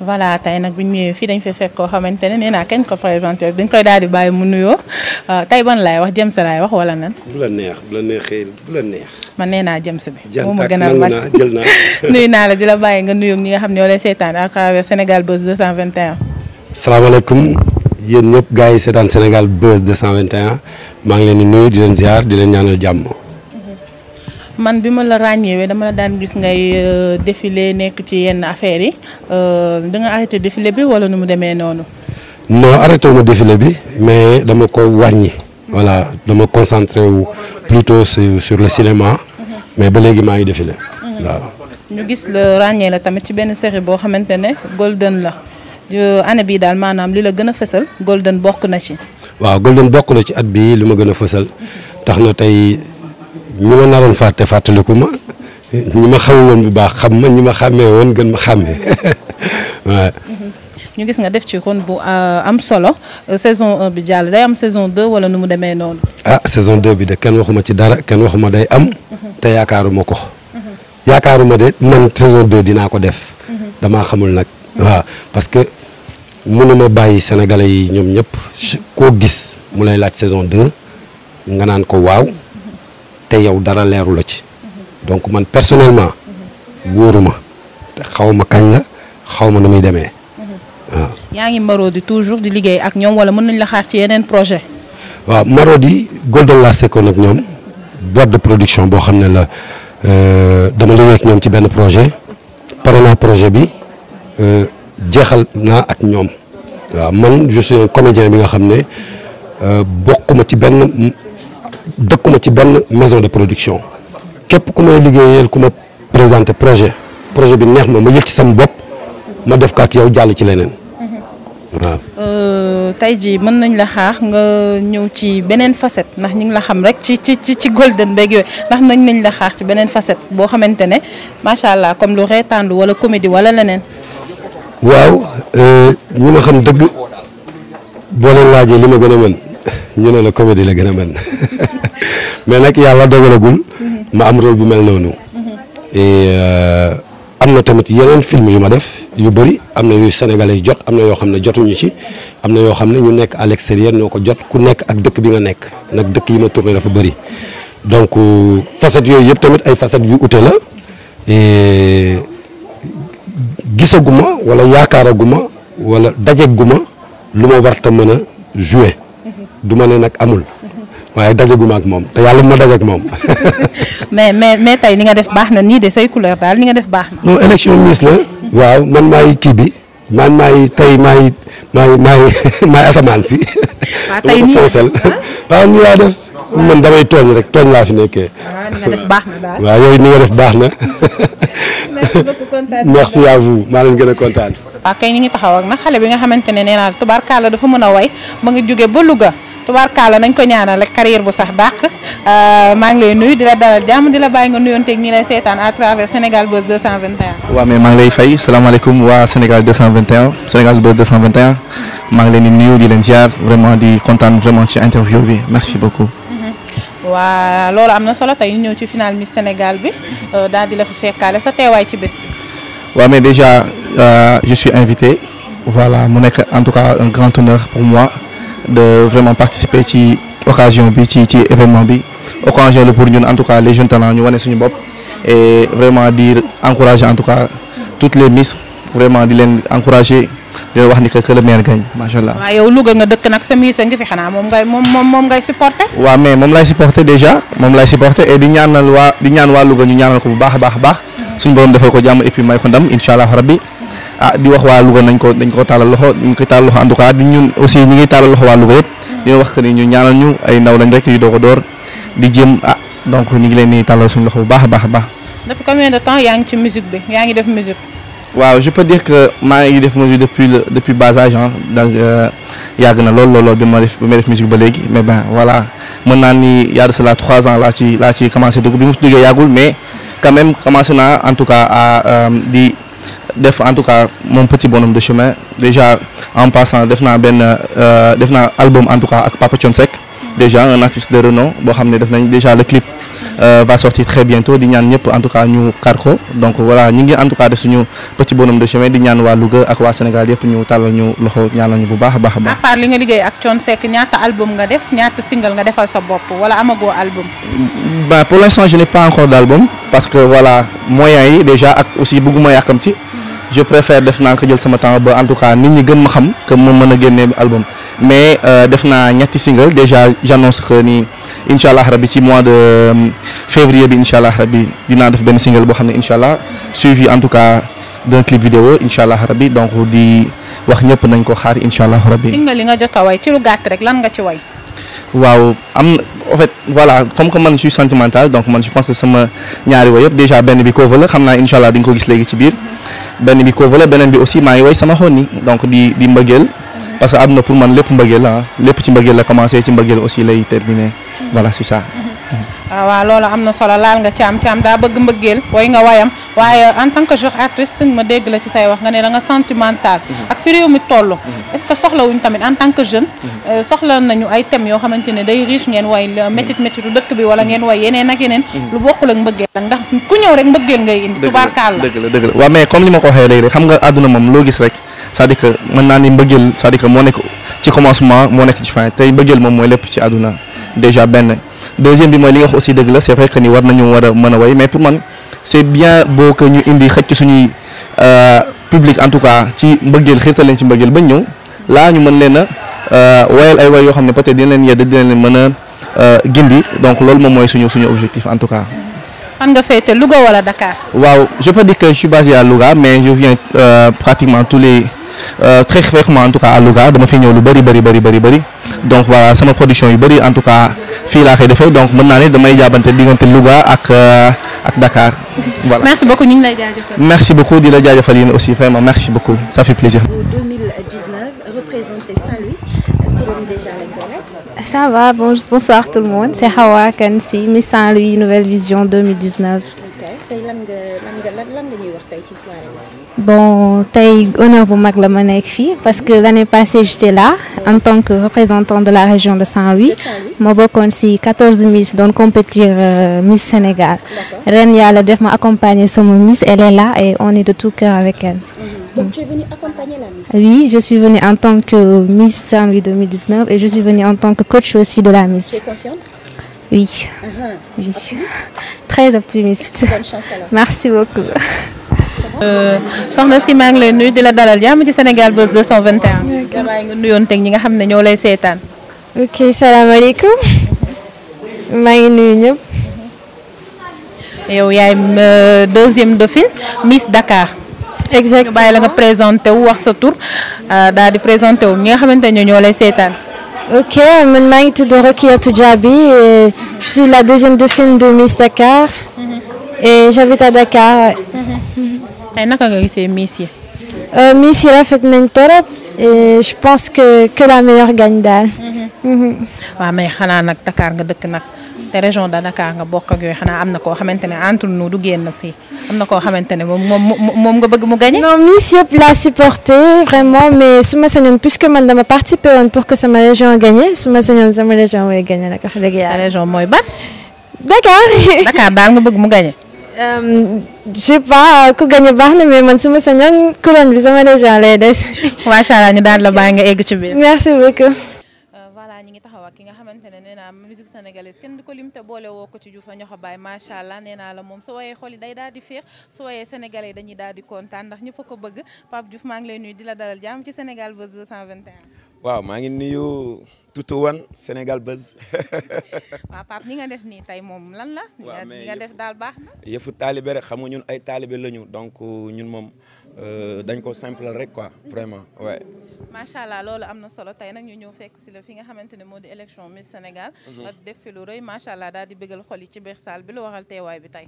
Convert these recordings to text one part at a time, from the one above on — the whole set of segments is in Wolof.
voilà tey nag bu ñu ñëwee fii dañ fi fekk koo xamante ne nee naa kenn ko présenté dañ koy daal di bàyyi mu nuyoo euh, tey ban laay wax James laay wax wala nan. bu la neex bu man nee naa James bi. jël ma gën a mag naa nuyu naa la di la bàyyi nga nuyoog ñi nga xam ne ñoo lay seetaan à travers Sénégal Buzz 221. salaamaaleykum yéen ñëpp gars yi seetaan Sénégal Buzz 221 maa ngi leen di nuyu di leen ziar di leen ñaanal jàmm. man bi ma la ràññeewee dama la daan gis ngay euh, défilé nekk ci yenn affaires yi euh, da nga arrêté défilé bi wala nu mu demee noonu. non arrêté wu ma bi mais dama ko wàññi. voilà dama concentré wu plutôt sur le cinéma. mais ba léegi maa ngi défilé. waaw. ñu gis la ràññee la tamit ci benn série boo xamante ne Golden la année bii daal maanaam li la gën a fësal Golden bokk na ci. waaw Golden bokk na ci at bii li ma gën a fësal tax na tey. ñi ma naroon fàtte fàttaliku ma ñi ma xamul woon bu baax xam ma ñi ma xàmmee woon gën ma xàmmee waaw. ñu gis nga def ci ron bu euh, am solo euh, saison 1 bi jàll day am saison 2 wala nu mu demee noonu. ah saison 2 bi de kenn waxuma ci dara kenn waxuma day am. te yaakaaruma ko. yaakaaruma de man saison 2 dinaa ko def. damaa xamul nag. waaw parce que mënuma bàyyi sénégalais yi ñoom ñëpp koo gis mu lay laaj saison 2 nga naan ko waaw. te yow dara leeru la ci donc man personnellement wóoruma te xaw ma kañ la xaw ma nu muy demee waaw. yaa ngi Marodi toujours di liggéey ak ñoom wala mën nañ la xaar ci yeneen projet waaw Marodi Golden laa sekkoon ak ñoom boîte de production boo xam ne la euh, dama liggéey ñoom ci benn projet pare projet bi euh, jeexal naa ak ñoom waaw man je suis un comédien bi nga xam ne euh, bokkuma ci benn. dëkkuma ci benn maison de production képp ku may liggéeyal ku ma présenté projet projet bi neex ma ma yëg ci sama bopp ma def ko ak yow jàll ci leneen waaw. Euh, tey jii mën nañ la xaax nga ñëw ci beneen facette ndax ñi ngi la xam rek ci ci ci golden beeg yooyu ndax nañ nañ la xaax ci beneen facette boo xamante ne macha allah comme lu reetaandu wala comédie wala leneen. waaw euh, ñi ma xam dëgg boo leen laajee li ma gën a mën ñu ne la comédie la gën a mën mais nag yàlla dogalagul ma am rôle bu mel na et euh, am na tamit yeneen film yu ma def yu bëri am na yu yi jot am na yoo xam ne jotuñu ci am na yoo xam ne ñu nekk à l'extérieur ñoo ko jot ku nekk ak dëkk bi nga nekk nag dëkk yi ma tourné dafa bëri donc euh, facettes yooyu yëpp tamit ay facettes yu ute la et gisaguma wala yaakaaraguma wala dajeguma lu ma war mën a jouer du ma ne nag amul waaye dajaguma ak moom te yàlla ma dajag moom. mais mais mais tey ni nga def baax na nii de say couleur daal ni nga def baax na. non élection Miss la. waaw man maay kii bi man maay tey maay maay maay maay asamaan si. waaw tey nii foosal ah? waaw nii man damay tooñ rek tooñ laa fi ah, ni nga def baax na daal waaw yooyu ni baax na. merci beaucoup kontaan merci à vous maa leen gën a kontaan. waaw kay ñu ngi taxaw ak nag xale bi nga xamante ne nee naa tubaarkalla dafa mën a way ma nga jóge ba Louga. tubaarkaala nañ ko ñaanal rek carrière bu sax dàq euh, maa ngi lay nuyu di la dalal jàmm di la bàyyi nga nuyonteeg ñi lay seetaan à travers Sénégal Buzz 221. waaw mais maa ngi lay fay salaamaaleykum waa Sénégal 221 Sénégal Buzz 221 maa ngi leen di nuyu di leen ziar vraiment di kontaan vraiment ci interview bi merci beaucoup. Mm-hmm. waa loolu am na solo tey ñu ci final mi Sénégal bi euh, daal di la fa fekkaale sa teewaay ci bés bi. waaw mais déjà euh, je suis invité. voilà mu nekk en tout cas un grand honneur de vraiment participer ci occasion bi ci ci événement bi occasion la pour ñun en tout cas les jeunes talents ñu wane suñu bopp et vraiment di encourager en tout cas toutes les miss vraiment di leen encourager di leen wax ni que que le maire gagne macha allah. waaw yow Louga nga dëkk nag sa miss ngi fi xanaa moom ngay moom moom ngay supporter. waaw mais moom laay supporter déjà moom laay supporter et di ñaanal waa di ñaan waa Louga ñu ñaanal ko bu baax a baax a baax mm-hmm. suñu borom defal ko jàmm et puis may ko ndam ah di wax waa Louga nañ ko dañ ko tàllal loxo ñu ngi koy tàllal loxo en tout cas di ñun aussi ñu ngi tàllal loxo waa Louga yëpp di wax que ni ñu ñaanal ñu ay ndaw lañ rek yu doo door di jëm ah donc ñu ngi leen tàllal suñu loxo baax a baax baax. depuis combien de temps yaa ngi ci musique bi yaa ngi def musique. waaw je peux dire que maa ngi def musique depuis bas âge euh, yàgg na lool lool bi ma def bi ma def ba léegi mais ben voilà mën naa ni yaa de cela trois ans laa ci laa ci commencé dugg bi mu duggee yàggul mais en tout cas à euh, def en tout cas moom petit bonhomme de chemin déjà en passant def naa benn euh, def naa album en tout cas ak Papa Thione déjà un artiste de renom boo xam ne def nañ déjà le clip euh, va sortir ñëpp en tout cas ñu kar ko ñu ngi en tout cas def suñu petit bonhomme de chemin di ñaan waa Louga ak waa Sénégal yëpp ñu tàllal ñu loxo ñaanal ñu bu baax a baax a baax. à part li nga liggéey ak Thione Seck ñaata album nga def ñaata single nga defal sa bopp wala amagoo album. bah pour l'instant je n'ai pas encore d'album parce que voilà moyens yi déjà ak aussi bëgguma yàkkamti. je préfère def naa ko jël sama temps ba en tout cas nit ñi gën ma xam que ma mën a génne album mais euh, def naa ñetti single déjà j'annonce que ni incha allah rabi ci mois de euh, février bi incha allah rabi dinaa def benn single boo xam ne incha allah suivi en tout cas d'un clip vidéo incha allah rabi donc di wax ñëpp nañ ko xaar incha allah rabi. single li nga jot a way ci lu gàtt rek lan nga ci way. waaw am en fait voilà comme que man je suis sentimental donc man je pense que xam naa incha allah di nga gis léegi ci biir. benn bi ko la beneen bi aussi maa ngi woy sama xonni donc di di mbëggeel parce que àdduna pour man lépp mbëggeel la ah. lépp ci mbëggeel la commencé ci mbëggeel aussi lay terminé voilà c'est waaw ah, waaw loolu am na solo laal nga caam caam daa bëgg mbëggeel way nga wayam waaye euh, en tant que jeune artiste ma dégg la ci say wax nga ne da nga sentimental mhm. ak fi réew mi toll mhm. est-ce que soxlawuñ tamit en tant que jeune mhm. euh, soxla nañu ay thèmes yoo xamante ne day riche ngeen way métit métitu dëkk bi wala ngeen way yeneen ak yeneen lu bokkul ak mbëggeel ak ndax ku ñëw rek mbëggeel ngay indi tubaarkaal la dëgg la dëgg la waaw mais comme li ma ko waxee nga àdduna moom loo gis rek c'est-à-dire que mën naa ni mbëggeel c'est-à-dire que moo nekk ci commencement moo nekk ci fin tey mbëggeel moom mooy lépp ci àdduna déjà benn deuxième bi mooy li nga wax aussi dëgg la c'est vrai que ni war nañu war mën a way mais pour man c'est bien boo que ñu indi xëcc suñuy euh, public en tout cas ci mbëggeel xiirtal leen ci mbëggeel ba ñëw laa ñu mën leen a euh, wayal ay way yoo xam ne peut-être dina leen yedd dina leen mën a euh, gindi donc loolu moom mooy suñu suñu objectif en tout cas fan nga féete Louga wala Dakar. waaw je peux dire que je suis à Louga mais je viens euh, pratiquement tous les euh, très fréquemment en tout cas à Louga dama fi ñëw lu bëri bëri bëri bëri bëri donc voilà sama production yu bëri en tout cas fii laa koy defee donc mën naa ne damay jaabante diggante Louga ak euh, ak Dakar. voilà merci beaucoup ñu ngi lay jaajëfal. merci di la jaajëfal yéen aussi vraiment merci beaucoup ça fait plaisir. Ça va, bonjour, bonsoir tout le monde. C'est Hawa Kansi, Miss Saint-Louis, Nouvelle Vision 2019. Bon, taille honneur pour Maglamanekfi, parce que l'année passée j'étais là en tant que représentant de la région de Saint-Louis. Moi, je 14 Miss, donc compétir euh, Miss Sénégal. Ren Yalla m'a accompagnée sur Miss, elle est là et on est de tout cœur avec elle. Mhm. Donc je suis venue en tan que Miss Sambi 2019 et je suis venue en tant que coach aussi de la Miss. Tu uh-huh. Très optimiste. Merci beaucoup. Euh, soxna si maa ngi lay nuyu di la dalal jàmm ci Sénégal Buzz 221. damay nga nuyoon teg ñi nga xam ne ñoo lay seetaan. ok salaamaaleykum. maa ngi nuyu ñëpp. yow yaay euh, deuxième dauphine Miss Dakar. exactement ñu bàyyi la nga présenté wu wax sa tur euh, daal di présenté wu ñi nga xamante ne ñoo lay seetaan. ok man maa ngi tudd Rokiatou Diaby et je suis la deuxième dauphine de Miss Dakar. Mm-hmm. et j'habite à Dakar. Mm-hmm. tey naka nga gisee Miss yi. Euh, Miss yi rafet nañ torop je pense que que la meilleure gagne daal. Mm-hmm. xanaa nag Dakar nga dëkk nag. région de Dakar nga bokk ak xanaa am na koo xamante entre nous du génn fii am na koo xamante moom nga bëgg mu gagné. non Miss yëpp supporté vraiment mais su ma sañoon puisque man dama participé woon pour que sama région gagné su ma sañoon sama région mooy gagné nag a dëgg yàlla. région mooy ban. Dakar. Dakar daal nga bëgg mu gagné. Euh, je sais pas ku baax na mais man su ma sañoon couronne bi sama région lay des. macha daal la bàyyi nga egg ci biir. merci beaucoup. nga xamante ne nee naa musique sénégalaise kenn di ko lim te boole woo ko ci Juufa Ñoxo Baay macha allah nee naa la moom su wayee xol yi day daal di féex su wayee sénégalais dañuy daal di kontaan ndax ñëpp a ko bëgg Pape maa ngi lay nuyu di la dalal jàmm ci Sénégal Buzz 221. waaw maa ngi nuyu tutuwan Sénégal Buzz. waaw Pape ñi nga def nii tey moom lan la. waaw mais ñi nga def daal baax na. yëfu taalibe rek xam nga ñun ay taalibe lañu donc euh, ñun moom euh, dañ ko simple rek quoi macha allah loolu am na solo tey nag ñu ñëw fekk si la fi nga xamante ne moo di élection Miss Sénégal. Mhm. nga def fi lu rëy macha allah daal di bëggal xol yi ci biir saal bi lu waral teewaay bi tey.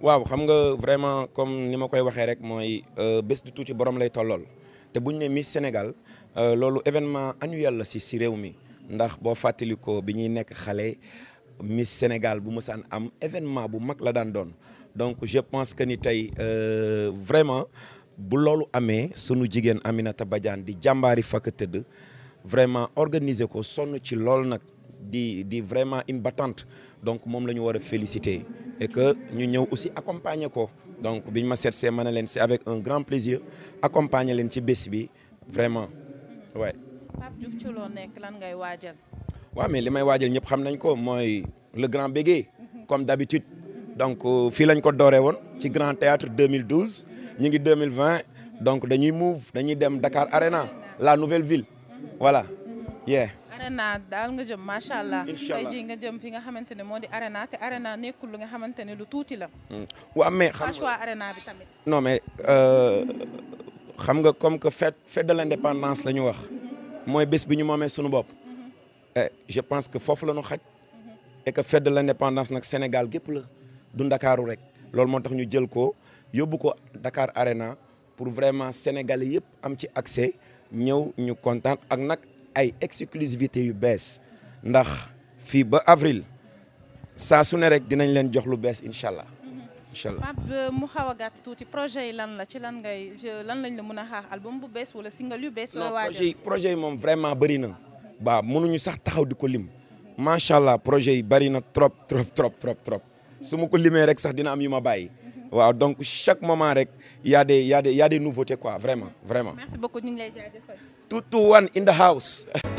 waaw xam nga vraiment comme ni ma koy waxee rek mooy euh, bés du tuuti borom lay tollool te buñ ne Miss Sénégal euh, loolu événement annuel la si si réew mi ndax boo fàttalikoo bi ñuy nekk xale Miss Sénégal bu mësaan am événement bu mag la daan doon donc je pense que ni tey euh, vraiment. bu loolu amee sunu jigéen Aminata Badiane di jàmbaari fakk tëdd vraiment organiser ko sonn ci lool nag di di vraiment une battante donc moom la ñu war a féliciter et que ñu ñëw aussi accompagner ko donc biñ ma seetsee ma ne leen c'est avec un grand plaisir accompagner leen ci bés bi vraiment waay. Pape Diouf ci loo nekk li may waajal ñëpp xam nañ ko mooy le grand bégué. comme d'habitude donc euh, fii lañ ko dooree woon ci Grand Théâtre 2012. ñu ngi 2020 donc dañuy move dañuy dem dakaar Arena la nouvelle ville voilà yeah arena daal nga jëm macha allah tey jii nga jëm fi nga xamante ne moo di arena te arena nekkul lu nga xamante ne lu tuuti la hmm. waaw mais xam nga choix arena euh, xam nga comme que fête fête de l'indépendance la ñu wax mooy bés bi ñu moomee sunu bopp mhm. eh, je pense que foofu la ñu xaj mhm. et que fête de l'indépendance nag Sénégal gépp la du Ndakaaru rek loolu moo tax ñu jël ko yóbbu ko Dakar Arena pour vraiment sénégalais yëpp am ci accès ñëw ñu kontaan ak nag ay exclusivité yu bees ndax fii ba avril saa su ne rek dinañ leen jox lu bees incha allah. Mhm. incha allah euh, mu xaw a gàtt tuuti projet yi lan la ci lan ngay lan lañ la mën a xaar album bu bees wala single yu bees. la waajal projet yi yi moom vraiment bëri na. waaw mënuñu sax taxaw di ko lim. macha allah projet yi bëri na trop trop trop trop trop su ma ko limee rek sax dina am yu ma bàyyi. waaw donc chaque moment rek ya a des y a des vraiment vraiment. merci beaucoup ñu ngi lay jaajëfal. Tutu One in the house.